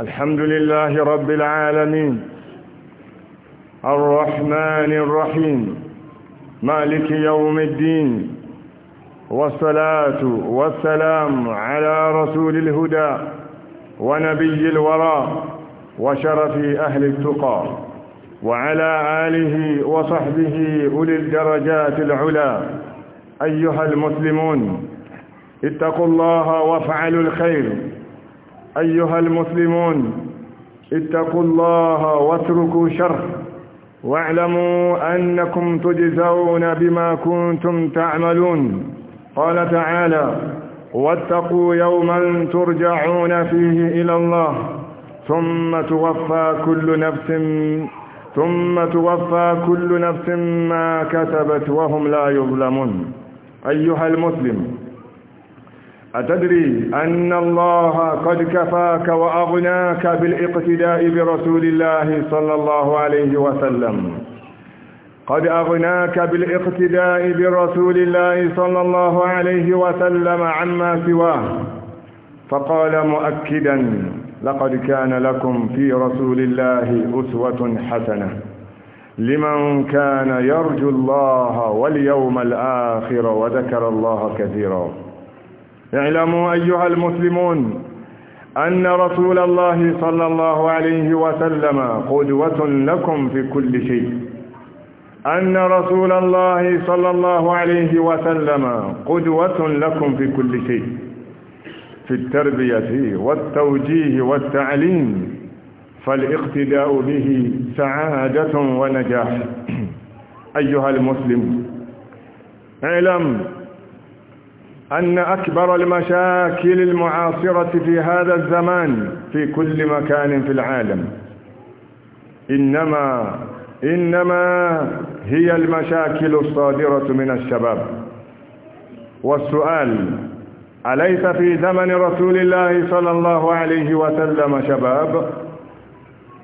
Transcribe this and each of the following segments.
الحمد لله رب العالمين الرحمن الرحيم مالك يوم الدين والصلاة والسلام على رسول الهدى ونبي الورى وشرف أهل التقى وعلى آله وصحبه أولي الدرجات العلا أيها المسلمون اتقوا الله وافعلوا الخير أيها المسلمون اتقوا الله واتركوا شر واعلموا أنكم تجزون بما كنتم تعملون قال تعالى واتقوا يوما ترجعون فيه إلى الله ثم توفى كل نفس ثم توفى كل نفس ما كسبت وهم لا يظلمون أيها المسلم أتدري أن الله قد كفاك وأغناك بالاقتداء برسول الله صلى الله عليه وسلم قد أغناك بالاقتداء برسول الله صلى الله عليه وسلم عما سواه فقال مؤكدا لقد كان لكم في رسول الله أسوة حسنة لمن كان يرجو الله واليوم الآخر وذكر الله كثيرا اعلموا أيها المسلمون أن رسول الله صلى الله عليه وسلم قدوة لكم في كل شيء أن رسول الله صلى الله عليه وسلم قدوة لكم في كل شيء في التربية والتوجيه والتعليم فالاقتداء به سعادة ونجاح أيها المسلم اعلم أن أكبر المشاكل المعاصرة في هذا الزمان في كل مكان في العالم إنما إنما هي المشاكل الصادرة من الشباب والسؤال أليس في زمن رسول الله صلى الله عليه وسلم شباب؟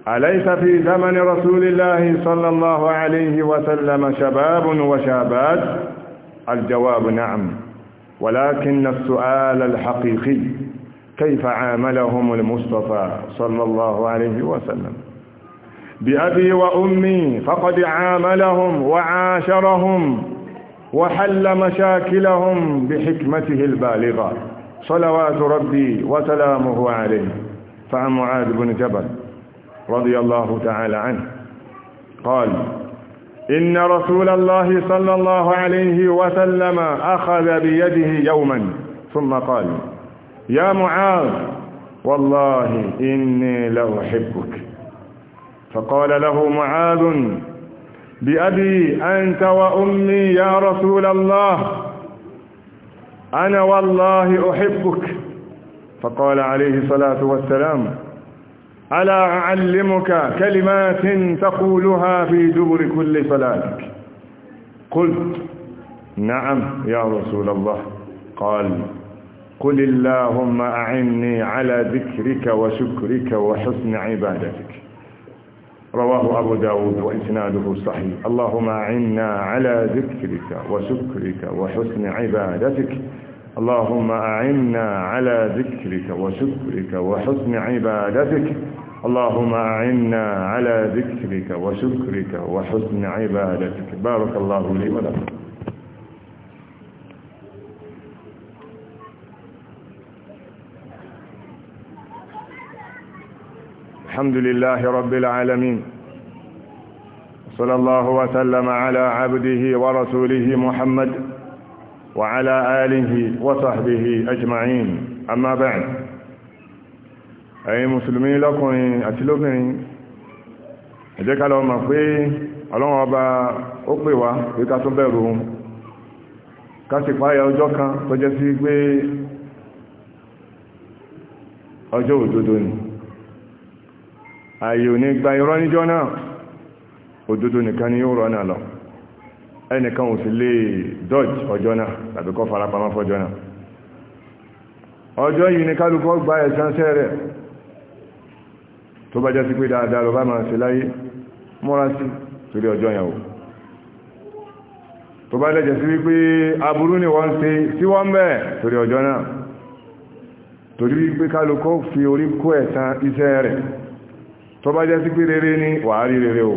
أليس في زمن رسول الله صلى الله عليه وسلم شباب وشابات؟ الجواب نعم ولكن السؤال الحقيقي كيف عاملهم المصطفى صلى الله عليه وسلم بأبي وأمي فقد عاملهم وعاشرهم وحل مشاكلهم بحكمته البالغة صلوات ربي وسلامه عليه فعن معاذ بن جبل رضي الله تعالى عنه قال إن رسول الله صلى الله عليه وسلم أخذ بيده يوما ثم قال يا معاذ والله إني لأحبك فقال له معاذ بأبي أنت وأمي يا رسول الله أنا والله أحبك فقال عليه الصلاة والسلام ألا أعلمك كلمات تقولها في دبر كل صلاتك قلت نعم يا رسول الله قال قل اللهم أعني على ذكرك وشكرك وحسن عبادتك رواه أبو داود وإسناده صحيح اللهم أعنا على ذكرك وشكرك وحسن عبادتك اللهم أعنا على ذكرك وشكرك وحسن عبادتك اللهم أعنا على ذكرك وشكرك وحسن عبادتك بارك الله لي ولكم الحمد لله رب العالمين صلى الله وسلم على عبده ورسوله محمد وعلى آله وصحبه أجمعين أما بعد ẹ̀yin mùsùlùmí lọ́kùnrin àti lóbìnrin ẹ jẹ́ ká lọ ma pé ọlọ́run ọba o pè wá pé ká Ka bẹ̀rù ohun ká sì páyà ọjọ́ kan ni ni ẹnìkan ò sì lè dodge ọjọ́ náà tàbí kọ́ farapamọ́ fọ́jọ́ náà ọjọ́ yìí ni kálukọ́ gba ẹ̀sánṣẹ́ rẹ̀ tó bá jẹ́ sí pé dáadáa lọ bá máa ṣe láyé múra sí torí ọjọ́ yẹn o tó bá lẹ́jẹ̀ sí wípé aburú ni wọ́n ṣe sí wọ́n bẹ́ẹ̀ torí ọjọ́ náà torí wípé kálukọ́ fi orí kó ẹ̀san iṣẹ́ rẹ̀ tó bá jẹ́ pé rere ni wàá rere o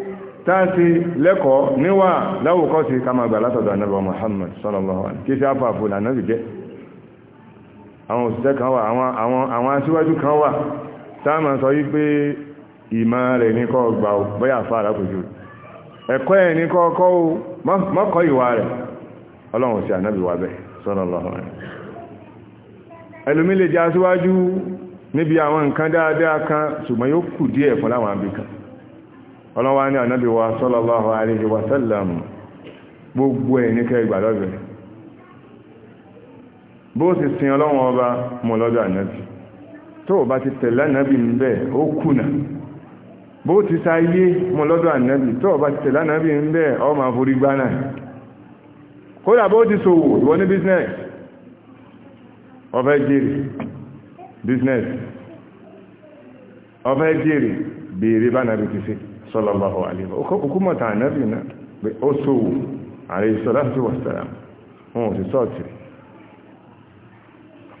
táàsì lẹ́kọ̀ọ́ níwà láwùkọ́ sí ká gbà látọ̀dọ̀ anábà Muhammad sallallahu alaihi kí sí lànàbì jẹ́ àwọn òṣìṣẹ́ kan wà àwọn kan wà sọ yí pé ìmọ̀ rẹ̀ ní kọ́ gbà bóyá fà alákòjú ẹ̀kọ́ ẹ̀ ní kọ́kọ́ mọ́kọ́ ìwà rẹ̀ ọlọ́run sí anábì wà bẹ́ẹ̀ sallallahu alaihi ọlọ́wà ní ànábì wa sallallahu alayhi gbogbo ẹ̀ ní kẹgbà lọ́dọ̀ bó sì sin ọlọ́wọ́n ọba mọ̀ lọ́dọ̀ tó bá ti tẹ̀lé ànábì ń bẹ́ ó kùnà bó ti sáyé tó bá ti tẹ̀lé ń bẹ́ ti bá sallallahu alaihi hukumọ̀ tàn náàbì náà pé ó sówò alayhi salatu wassalam wọn ò sì sọ́ọ̀tì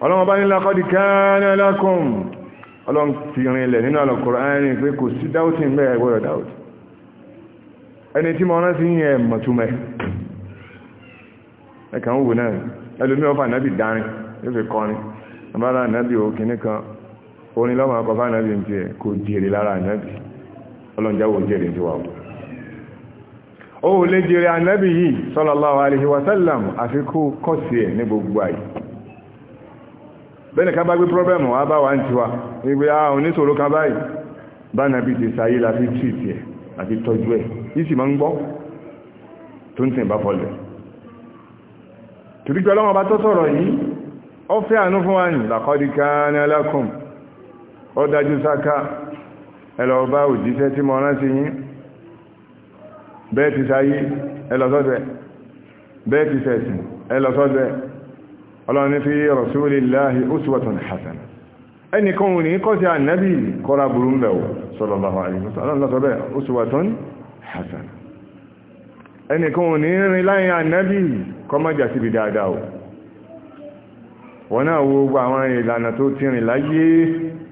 ọlọ́wọ́ bá nílá kọ́ di kana lakum ọlọ́n ti rìn ilẹ̀ nínú Al-Qur'ani pé kò sí dáútì ń bẹ́ẹ̀ gbọ́dọ̀ dáútì ẹni tí mọ́ rán sí yẹn mọ̀túnmẹ́ ẹ̀kà ń wò náà ẹlòmí ọfà náàbì dárin yóò fi kọrin àbára náàbì òkè nìkan orin lọ́wọ́ akọfà náàbì ń tiẹ̀ kò dìrì lára náàbì ọlọ́njáwò jèrè tí wà ó lè jèrè ànábì yìí sallallahu alaihi wasallam àfikú kọ́sì ẹ̀ ní gbogbo ayé bẹ́ẹ̀ ká bá gbé pọ́blẹ́mù wá bá wà ń tiwa nígbé àwọn ah, oníṣòro kan báyìí bá nàbí ti sáyé láti tìtì ẹ̀ àti tọ́jú ẹ̀ yìí sì máa ń gbọ́ tó ń tẹ̀ bá fọlẹ̀ torípé ọlọ́wọ́n bá tó sọ̀rọ̀ yìí ó fẹ́ àánú fún wa ní laqad kana lakum ó dájú sáká ẹlọ bá òjíṣẹ́ tí mo rántí yín bẹ́ẹ̀ ti sáyé ẹlọ sọ́dọ̀ bẹ́ẹ̀ ti sẹ̀sìn ẹlọ sọ́dọ̀ ọlọ́ni fi rasulillahi uswatun hasana ẹnìkan ò ní kọ́ sí ànábì kọ́ra burú ń bẹ̀wọ̀ sallallahu alaihi wasallam uswatun hasana ẹnìkan ò ní rin láyìn ànábì kọ́ má wọ́n náà wo gbogbo àwọn ìlànà tó ti rìn láyé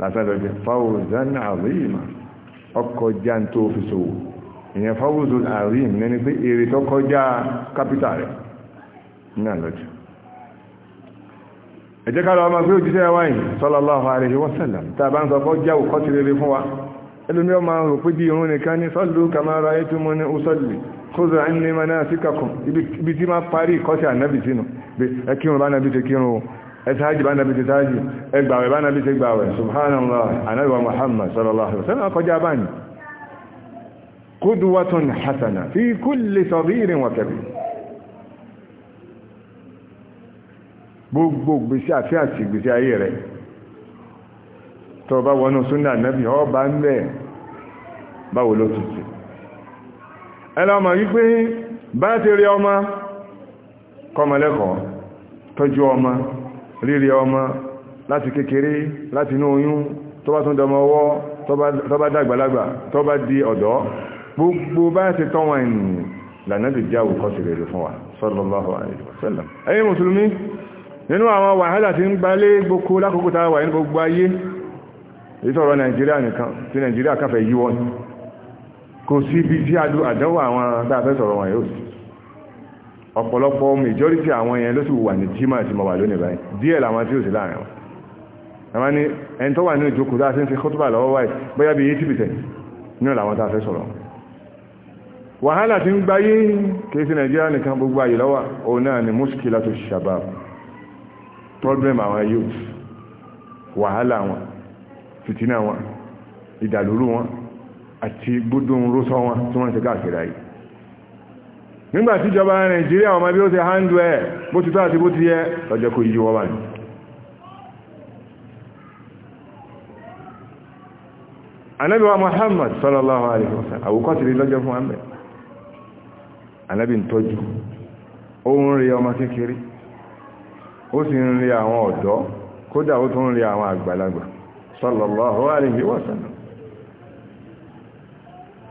lásàdọ̀jẹ́ fáwọ̀zán àríìmà ọkọjá tó fi ṣòwò ìyẹn fáwọ̀zán àríìm nẹni pé èrè tó kọjá kápítà rẹ̀ náà lọ́jọ́ ẹjẹ́ ká lọ ọmọ pé òjíṣẹ́ wáyìn sallallahu a bá ẹ̀sáájì bá nàbí ti sáájì ẹgbàwẹ̀ bá nàbí ti gbàwẹ̀ subhanallah anáwà muhammad sallallahu alaihi wasallam kọjá bá ní kúdùwátún hasana fi kulli sagirin wa kabir gbogbo gbèsè àti àti gbèsè ayé rẹ̀ tó bá wọnú súnà nàbí ọ kọmọlẹ́kọ̀ọ́ tọ́jú ọmọ rírí ọmọ láti kékeré láti inú oyún tó bá tún dọmọ ọwọ́ tó bá dàgbàlagbà tó bá di ọ̀dọ́ gbogbo bá ti tọ́ wọn ènìyàn lànà lè jẹ́ àwòkọ́ sí rere fún wa sallallahu alaihi wasallam ẹ̀yin mùsùlùmí nínú àwọn wàhálà tí ń gbalé gboko lákòókò tá a wà ní gbogbo ayé ìtọ̀rọ̀ nàìjíríà nìkan tí nàìjíríà káfẹ́ yíwọ́ tá a fẹ́ sọ̀rọ̀ ọ̀pọ̀lọpọ̀ majority àwọn yẹn ló sì wà ní jímọ̀ àti mọ̀wà lónìí báyìí díẹ̀ làwọn tí ó sì láàrin wọn àwọn ni ẹni tó wà ní ìjókòó dáa sí ń fi kótóbà lọ́wọ́ wáyé bóyá bí 80% náà làwọn tá a fẹ́ sọ̀rọ̀ wàhálà tí ń gbáyé kìí Nàìjíríà nìkan gbogbo ayé lọ́wọ́ òun náà ni muskila tó ṣàbá problem àwọn youth wàhálà wọn fìtínà wọn ìdàlúrú wọn àti gbódùn rósọ wọn tí wọ́n ti káàkiri ayé nígbà tí ìjọba nàìjíríà ọmọ bí ó ti bó ti tọ́ àti bó ti yẹ lọ́jọ́ wa Muhammad sallallahu alaihi wasallam àwòkọ́ ti rí lọ́jọ́ fún àmì ànábì ń tọ́jú ó ń rí ọmọ kékeré ó sì ń rí àwọn ọ̀dọ́ kódà ó tún rí àwọn àgbàlagbà sallallahu alaihi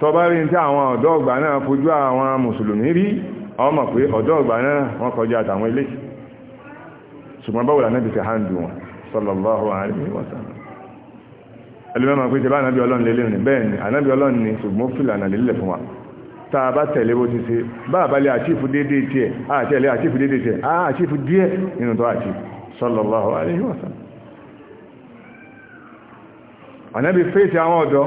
tó bá rí tí àwọn ọ̀dọ́ ọgbà náà fojú àwọn mùsùlùmí rí ọmọ pé ọ̀dọ́ ọgbà náà wọ́n kọjá àtàwọn ilé ṣùgbọ́n báwo lànà ti hàn wọn sallallahu alaihi wa sallam ẹlùmẹ́mà pé tẹbá ànábí ọlọ́run lélẹ́ ní bẹ́ẹ̀ ni ànábí ọlọ́run ni ṣùgbọ́n fìlànà lélẹ̀ fún wa tàà bá tẹ̀lé bó ti ṣe bá àbálẹ̀ àtífù dédé tiẹ̀ àtẹ̀lẹ̀ àtífù sallallahu alaihi wa sallam ànábí fèsì àwọn ọ̀dọ́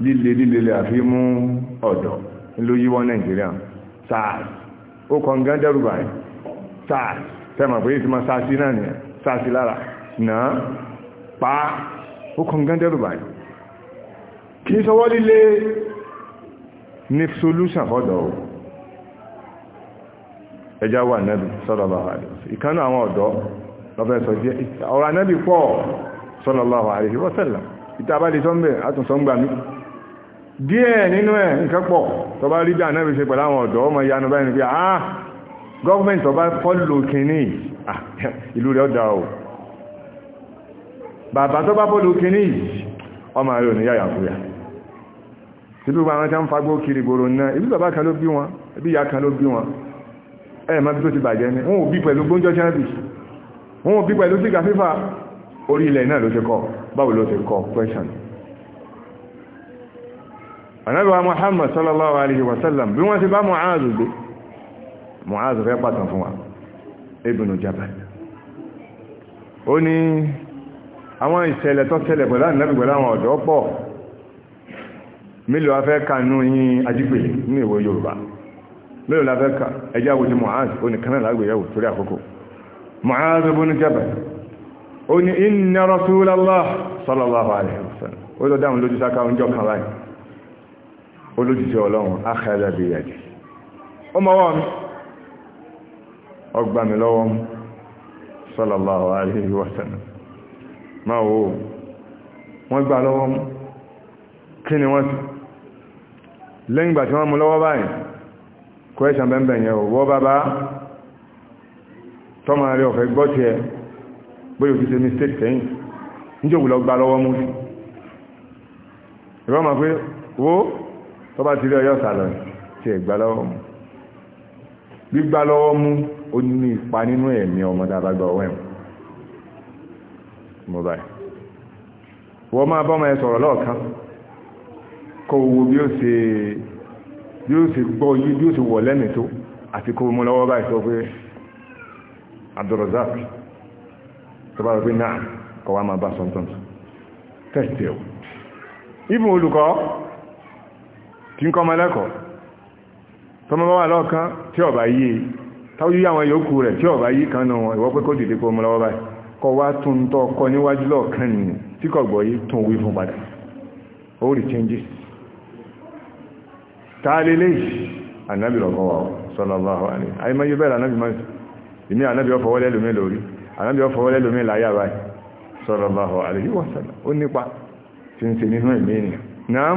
líle líle lè àfi mú ọ̀dọ̀ ló yíwọ́ nàìjíríà SARS ó kàn gán dẹ́rù báyìí SARS tẹ́mà pé ìtumọ̀ SARS náà nìyẹn SARS lára náà pa ó kàn gán dẹ́rù báyìí kì í sọwọ́ líle ní solution fọ́dọ̀ o ẹjá wà nẹ́bì sallallahu alaihi ìkánú àwọn ọ̀dọ́ lọ́fẹ́ sọ jẹ́ ọ̀rọ̀ nẹ́bì pọ̀ sallallahu alaihi wa sallam ìtàbálẹ̀ sọ́mbẹ̀ àtúnsọ́ngbàmí díẹ̀ nínú ẹ̀ nǹkan pọ̀ tó bá rí bí ànábì ṣe pẹ̀lú àwọn ọ̀dọ́ ọmọ ìyanu báyìí pé ah gọ́ọ̀mẹ̀ntì tó bá fọ́lù kìíní ah, ìlú rẹ̀ ọ̀dà o bàbá tó bá fọ́lù kìíní ọmọ rẹ̀ òní yàyà fúyà tí bí wọn tí wọ́n fagbó kiri gbòrò náà ibi bàbá kan ló bí wọn ibi ìyá kan ló bí wọn ẹ̀ má bí tó ti bàjẹ́ ni wọn ò bí pẹ̀lú gbóúnjọ́ chinabi wọn ò bí pẹ̀lú sígá fífà orí ilẹ̀ náà ló ti kọ́ báwo question anábíwá muhammad sallallahu alaihi wasallam bí wọ́n ba mu'azu Mu'az mu'azu fẹ́ pàtàn wa ibùnú jabal ó ní àwọn ìṣẹ̀lẹ̀ tó ṣẹlẹ̀ na ànábì pẹ̀lú àwọn ọ̀dọ́ milo mílò afẹ́ kanú yín ajígbè ní ìwò yorùbá mílò ka ẹjá wo ti mu'azu ó ní kanáà lágbèyàwó torí mu'azu jabal inna rasulallah sallallahu alaihi wasallam olójúṣẹ́ ọlọ́run ákàdàbí ẹ̀dì ó mọ́wọ́ mi ọgbà mi lọ́wọ́ mú sallallahu alaihi wa sallam máa wo wọ́n gbà lọ́wọ́ mú kí ni wọ́n sí lẹ́yìn gbà tí wọ́n mú lọ́wọ́ báyìí kò ẹ́sàn bẹ́ẹ̀bẹ̀ yẹn ò wọ́ bàbá tọ́mọ wo tó bá ti rí ọyọ́ sàlọ̀ tí ẹ̀ gbá lọ́wọ́ mú gbígbá lọ́wọ́ mú ó ní ipa nínú ẹ̀mí ọmọ dáadáa gbọ́ ọwọ́ ẹ̀ mú báyìí wọ́n máa bọ́mọ ẹ sọ̀rọ̀ lọ́ọ̀kan kó wo bí ó ṣe bí ó ṣe gbọ́ yí bí ó ṣe wọ̀ lẹ́mìí tó àti kó mú lọ́wọ́ báyìí sọ pé Abdulrazak tó bá pé náà kọ̀wá máa bá sọ́ntọ́ntọ́ tẹ́sítì ẹ̀ ibùn olùkọ́ kí ń kọ́ ọmọ ẹlẹ́kọ̀ọ́ tọmọ bá wà lọ́ọ̀kan tí ọ̀bá yí táwọn yí àwọn yòókù rẹ̀ tí ọ̀bá yí kan náà ìwọ́ pé kó dìde kó mọ́ lọ́wọ́ báyìí kọ wá tún tọ́ kọ níwájú lọ́ọ̀kan nìyẹn tí kọ̀gbọ̀ yí tún wí fún padà ó rí changes tààlé léyìí ànábì lọ́kọ́ wa sallallahu alaihi àìmọye bẹ́ẹ̀ ànábì máa ìmí ànábì ọfọwọ́lẹ́ lómi lórí ànábì ọfọwọ́lẹ́ lómi láyà báyìí sallallahu alaihi wa sallam ó nípa tí ń ṣe nínú ìmí ènìyàn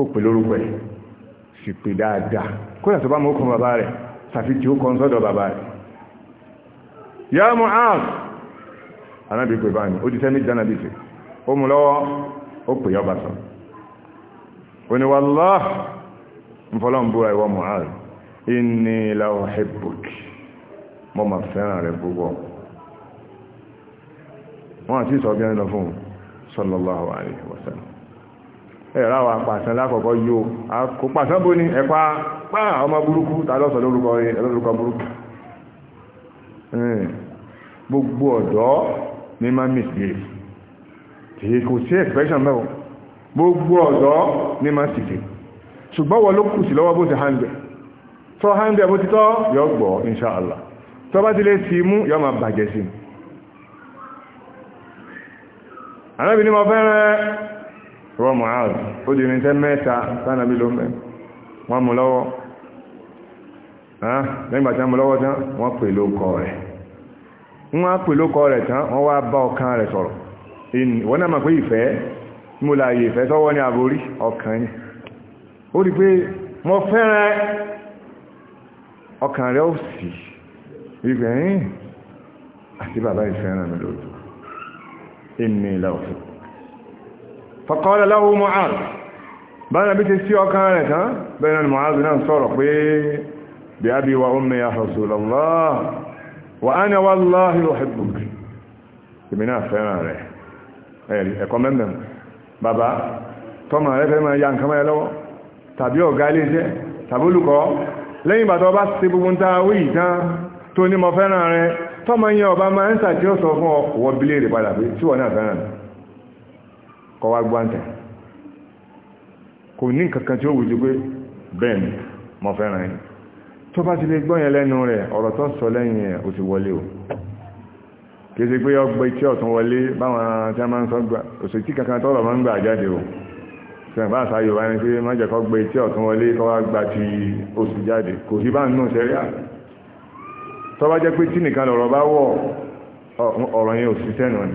kó pè lórúkọ ẹ̀ sì pè dáadáa kó yàtọ̀ bá mọ́ kún bàbá rẹ̀ sàfitì ó kan sọ́dọ̀ bàbá rẹ̀ ya Mu'az anábì pè bá ní ó ti sẹ́ méjì dáná bìtì ó mú lọ́wọ́ ó pè yọba sọ ó ní wallah ń fọlọ́ ń búra ìwọ Mu'az inni la uhibbuk mọ́ ma fẹ́ràn rẹ̀ púpọ̀ wọ́n àti sọ bí wọ́n lọ fún sallallahu alaihi wasallam ẹ̀rọ àwọn apàṣán lákọ̀ọ́kọ́ yóò kò pàṣán bó ní ẹ̀pá pá ọmọ burúkú tàlọ́sọ̀ lórúkọ burúkú gbogbo ọ̀dọ́ ní máa mìsìlẹ̀ èyí kò sí expression mẹ́wọ̀ gbogbo ọ̀dọ́ ní máa sìkẹ̀ ṣùgbọ́n wọ́n ló kù sí lọ́wọ́ bó ti hàndẹ̀ tó hàndẹ̀ bó ti tọ́ yọ gbọ́ inṣáàlá tó bá ti lè ti mú yọ máa bàjẹ́ sí mi rọ Mu'adh ó di irinṣẹ́ mẹ́ta sánàbí ló mẹ́ wọ́n mú lọ́wọ́ lẹ́gbà tí wọ́n mú lọ́wọ́ tán wọ́n pè lókọ rẹ̀ wọ́n pè lókọ rẹ̀ tán wọ́n wá bá ọkàn rẹ̀ sọ̀rọ̀ wọ́n náà mọ̀ pé ìfẹ́ mú láàyè ìfẹ́ sọ́wọ́ ní àborí ọkàn ni ó rí pé mo fẹ́rẹ̀ ọkàn rẹ̀ ó sì ìgbẹ̀yìn àti bàbá ìfẹ́ràn mi lóòtọ́ ìmìlà òfin faqala lahu Mu'adh bára bí ti sí ọkàn rẹ̀ tán bẹ́ẹ̀ ni Mu'adh náà sọ̀rọ̀ pé bí abi wa ummi ya Rasulallah wa ana wallahi uhibbuk èmi náà fẹ́ràn rẹ̀ ẹ̀kọ́ mẹ́mẹ́ bàbá tọ́mà rẹ̀ fẹ́ máa ya nǹkan mẹ́rẹ̀ lọ́wọ́ tàbí ọ̀gá ilé iṣẹ́ tàbí olùkọ́ kọ wá gbáǹtẹ̀ kò ní kankan tí ó wùjú pé bẹ́ẹ̀ni mọ́ fẹ́ràn yìí tó bá ti lè gbọ́yẹn lẹ́nu rẹ̀ ọ̀rọ̀ tó sọ lẹ́yìn ẹ̀ ò ti wọlé o kéde pé ọgbẹ́ tí ọ̀tún wọlé báwọn tí ni pé má jẹ́kọ́ gbé tí ọ̀tún wọlé kọ́ wá gba ti oṣù jáde kò sí bá ń nù sẹ́ríà nìkan lọ̀rọ̀ bá wọ̀ ọ̀rọ̀ yẹn ò sí sẹ́nu ni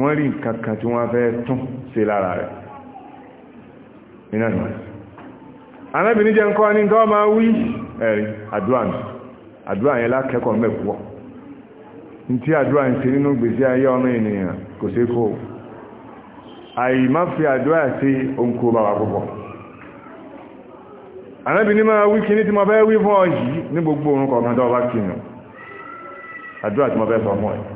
wọ́n rí nǹkan kan tí wọ́n fẹ́ tún sí lára rẹ̀ iná ìwọ̀n anábìnrin jẹ́ nǹkan ní nǹkan máa wí ẹ̀rí àdúrà nù àdúrà yẹn lákẹ́kọ̀ọ́ mẹ́kúwọ́ tí àdúrà ń ṣe nínú gbèsè ayé ọmọ ènìyàn kò sí kó àì má fi àdúrà sí oǹkó bàbá púpọ̀ anábìnrin máa wí kíní tí mo fẹ́ wí fún ọ yìí ní gbogbo orun kọ̀ọ̀kan tó bá kìnnà àdúrà tí mo fẹ́ sọ fún ọ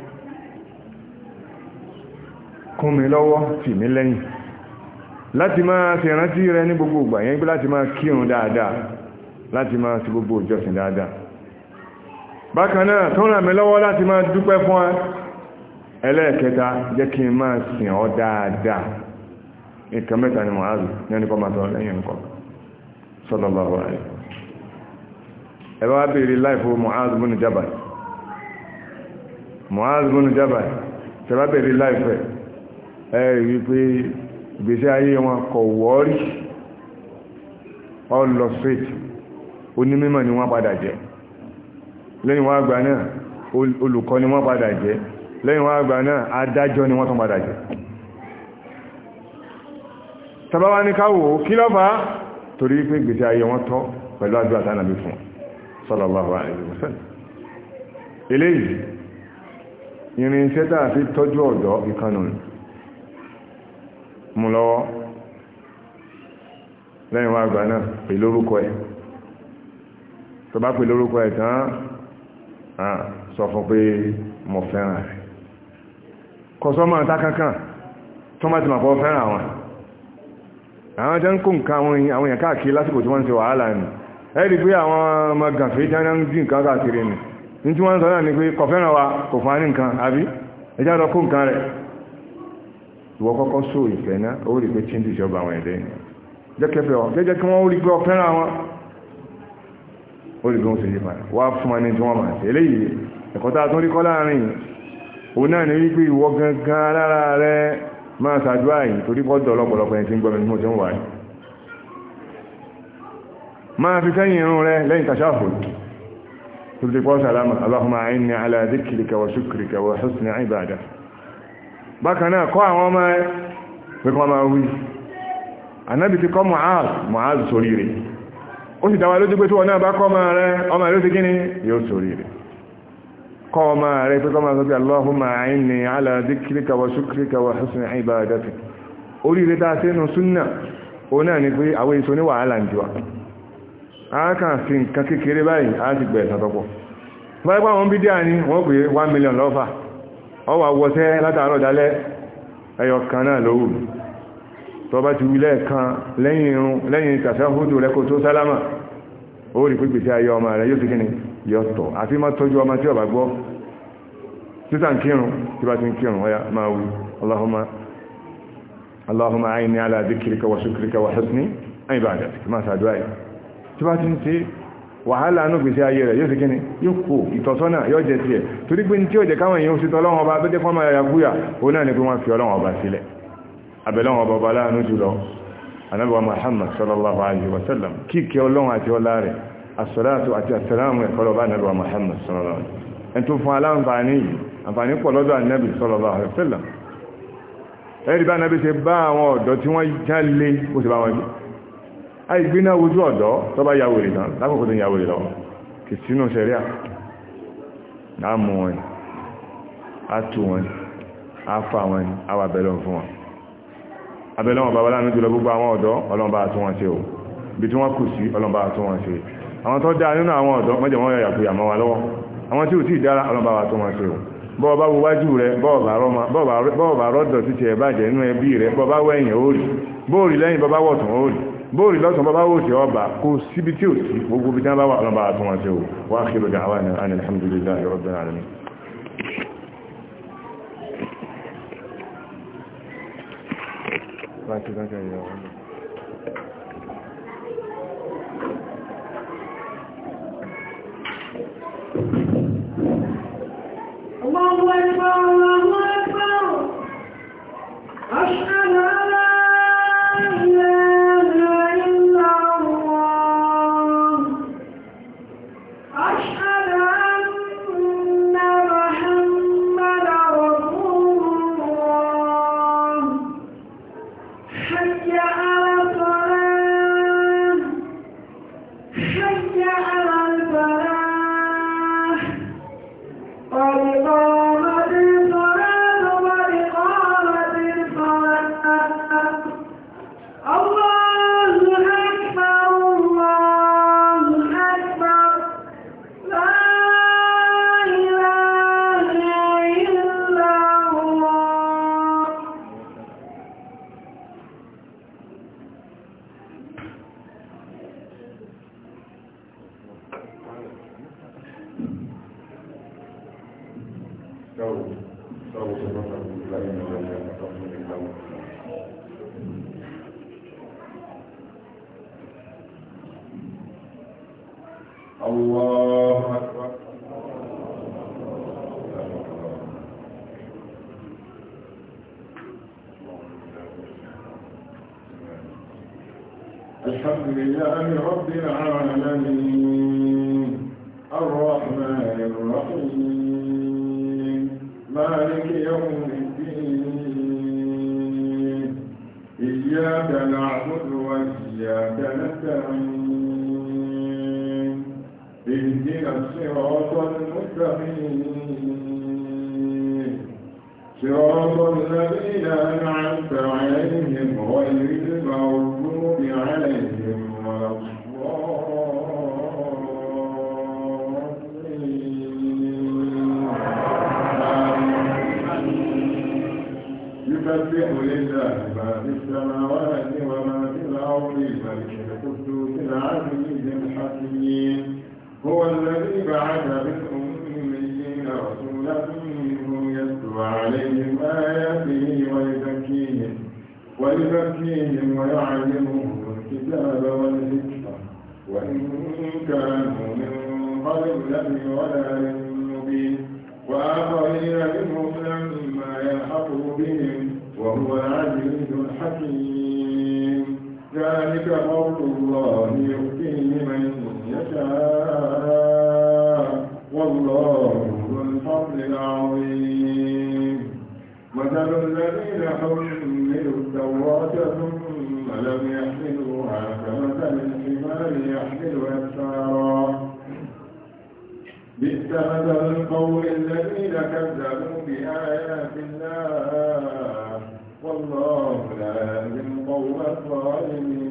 kún mi lọ́wọ́ tì mí lẹ́yìn láti máa fi rántí rẹ ní gbogbo ìgbà yẹn pé láti máa kírun dáadáa láti máa sí gbogbo dáadáa bákan náà tó ràn mí lọ́wọ́ láti máa dúpẹ́ fún ẹ ẹlẹ́ẹ̀kẹta jẹ́ ni ní máa tọ́ lẹ́yìn ẹ bá bèèrè láìfò bá ẹ̀rí wípé ìgbésí ayé wọn kọ̀ wọ́rí ọlọ straight onímọ̀ ni wọ́n padà jẹ́ lẹ́yìn wọ́n àgbà náà olùkọ́ ni wọ́n padà jẹ́ lẹ́yìn wọ́n àgbà náà adájọ́ ni wọ́n tán padà jẹ́ tàbáwá ní káwò kí ló fà torí pé ìgbésí ayé wọn tọ́ pẹ̀lú àdúrà tánàbí fún sallallahu alaihi wasallam eléyìí irinṣẹ́ tàà fi tọ́jú ọ̀dọ́ ìkanùnrin mú lọ́wọ́ lẹ́yìn wá àgbà náà pè lórúkọ ẹ̀ tó bá pè lórúkọ ẹ̀ tán sọ fún pé mo fẹ́ràn rẹ̀ ta kankan tó má ti mà fọ́ fẹ́ràn àwọn àwọn jẹ́ ń kó nǹkan àwọn èèyàn káàkiri lásìkò tí wọ́n ń ṣe wàhálà ni ẹ̀rí pé àwọn ọmọ gànfẹ́ tí wọ́n ń dín nǹkan káàkiri ni ní tí wọ́n ń sọ náà ni pé wa kò fún wa ní nǹkan àbí ẹjá lọ kó nǹkan rẹ̀ ìwọ kọ́kọ́ só ìfẹ́ náà ó rí pé chíndì ìjọba àwọn ẹ̀dẹ́ jẹ́kẹ́fẹ́ ọ jẹ́jẹ́ kí wọ́n rí pé ọ̀fẹ́ràn àwọn ó rí pé wọ́n sì yí padà wá fún wa ní tí wọ́n máa tẹ̀lé yìí ẹ̀kọ́ tá a tún rí kọ́ láàrin òun náà ní wípé ìwọ gangan lára rẹ máa ṣàdúrà yìí torí pọ́dọ̀ ọlọ́pọ̀lọpọ̀ ẹni tí ń gbọ́ mi ní mo ti ń wà yìí máa fi Allahumma a'inni ala dhikrika wa shukrika wa husni ibadatika bákan naa kọ́ àwọn ọmọ ẹ ma kọ́ wí ànábì ti kọ́ Mu'az Mu'az sórí rẹ̀ ó sì dáwà lójú pé tí wọ́n bá kọ́ ọmọ rẹ̀ ọmọ rẹ̀ ó ti kí ni yóò sórí rẹ̀ kọ́ ọmọ rẹ̀ Allahumma ala dhikrika wa shukrika wa husni orí rẹ̀ dáa sínú ó náà ni pé àwọn èso ní wàhálà ń a kàn fi nǹkan kékeré báyìí a ti tọ́pọ̀ ọ wà wọ́sẹ́ látàárọ̀ dálẹ́ ẹyọ náà tó bá ti wílẹ̀ kan lẹ́yìn irun lẹ́yìn tàṣáhùdù tó sálámà ó rí pípèsè ayé ọmọ rẹ yóò fi kíni yọtọ̀ àfi má tọ́jú ọmọ tí ọba gbọ́ títà ń tí bá ti ń kírun ọya máa wí wàhálà nù gbèsè ayé rẹ̀ yóò sì kíni yóò kó ìtọ́sọ́nà yóò jẹ tiẹ̀ torí pé tí ó jẹ káwọn èèyàn òsìtọ́ ọlọ́wọ́n ọba tó jẹ́ fọ́nmà yàgúyà òun náà ni pé wọ́n fi ọlọ́wọ́n ọba sílẹ̀ abẹ̀lọ́wọ́n ọba aláàánú jùlọ anábíwá Muhammad sallallahu àìgbéná ojú ọ̀dọ́ tó bá yàwó ìrìnà lákòókò tó yàwó ìrìnà kì sínú sẹ́ríà láàmù wọn àtù wọn àfà wọn àwà bẹ̀lọ́n fún wọn abẹ́lọ́wọ̀n bàbá láàrín jùlọ gbogbo àwọn ọ̀dọ́ ọlọ́mbà àtún wọn ṣe o bí tí wọ́n kù sí ọlọ́mbà àtún wọn ṣe àwọn tó dáa nínú àwọn ọ̀dọ́ mọ́jẹ̀ wọ́n yàyà kú yàmọ́ wa lọ́wọ́ àwọn tí ò tí dára ọlọ́mbà àtún wọn ṣe o bọ́ọ̀ bá wájú rẹ bọ́ọ̀ bá rọ́dọ̀ títí ẹ̀ bàjẹ́ nínú ẹbí rẹ bọ́ọ̀ bá wẹ̀yìn ó rí bóòrí lẹ́yìn bọ́ọ̀ bá wọ̀tún ó rí bóòlì lọ́sàn bá bá wò sí ọba kó síbi tí ò sí gbogbo bí dábà wà lọ́bà àtún wọn tí ó wá kí lóga àwọn àni alhamdulillahi rabbil الله أكبر الحمد لله رب العالمين صراط المستقيم صراط الذين أنعمت عليهم غير المغضوب عليهم ولا يسبح لله ما في السماوات وما في الأرض ملك القدوس العزيز الحكيم بعث بالأميين رسولا منهم يتلو عليهم آياته ويزكيهم ويزكيهم ويعلمهم الكتاب والحكمة وإن كانوا من قبل لفي ولا مبين وآخرين منهم لما يلحق بهم وهو العزيز الحكيم ذلك قول الله يؤتيه من يشاء والله ذو الفضل العظيم مثل الذين حملوا التوراة ثم لم يحملوها كمثل الحمار يحمل أسفارا بئس مثل القول الذين كذبوا بآيات الله والله لا يهدي القوم الظالمين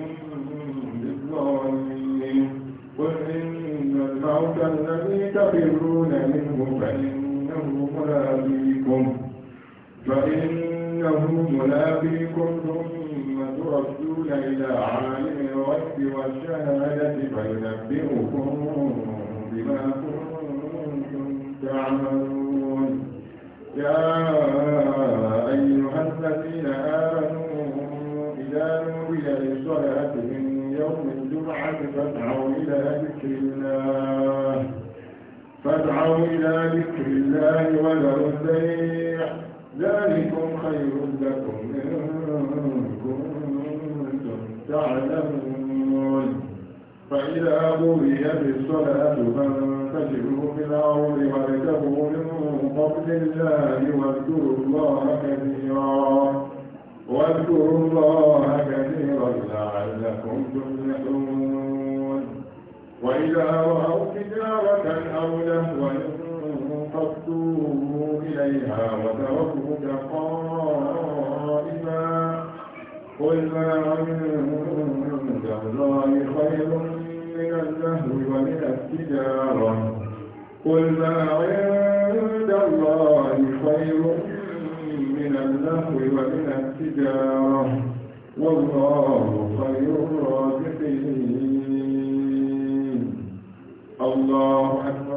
تفرون منه فإنه ملاقيكم فإنه ملاقيكم ثم تردون إلى عالم الغيب والشهادة فينبئكم بما كنتم تعملون يا أيها الذين آمنوا إذا نوبي للصلاة من يوم الجمعة فاسعوا إلى ذكر الله فادعوا إلى ذكر الله ولو البيع ذلكم خير لكم إن كنتم تعلمون فإذا بوي الصلاة فانتشروا في الأرض وارتبوا من فضل الله واذكروا الله كثيرا واذكروا الله كثيرا لعلكم تفلحون وإذا رأوا تجارة أو لهوا انفضوا إليها وتركوك قائما قل ما عند الله خير من اللهو ومن التجارة قل ما عند الله خير من اللهو ومن التجارة والله خير الرازقين الله أكبر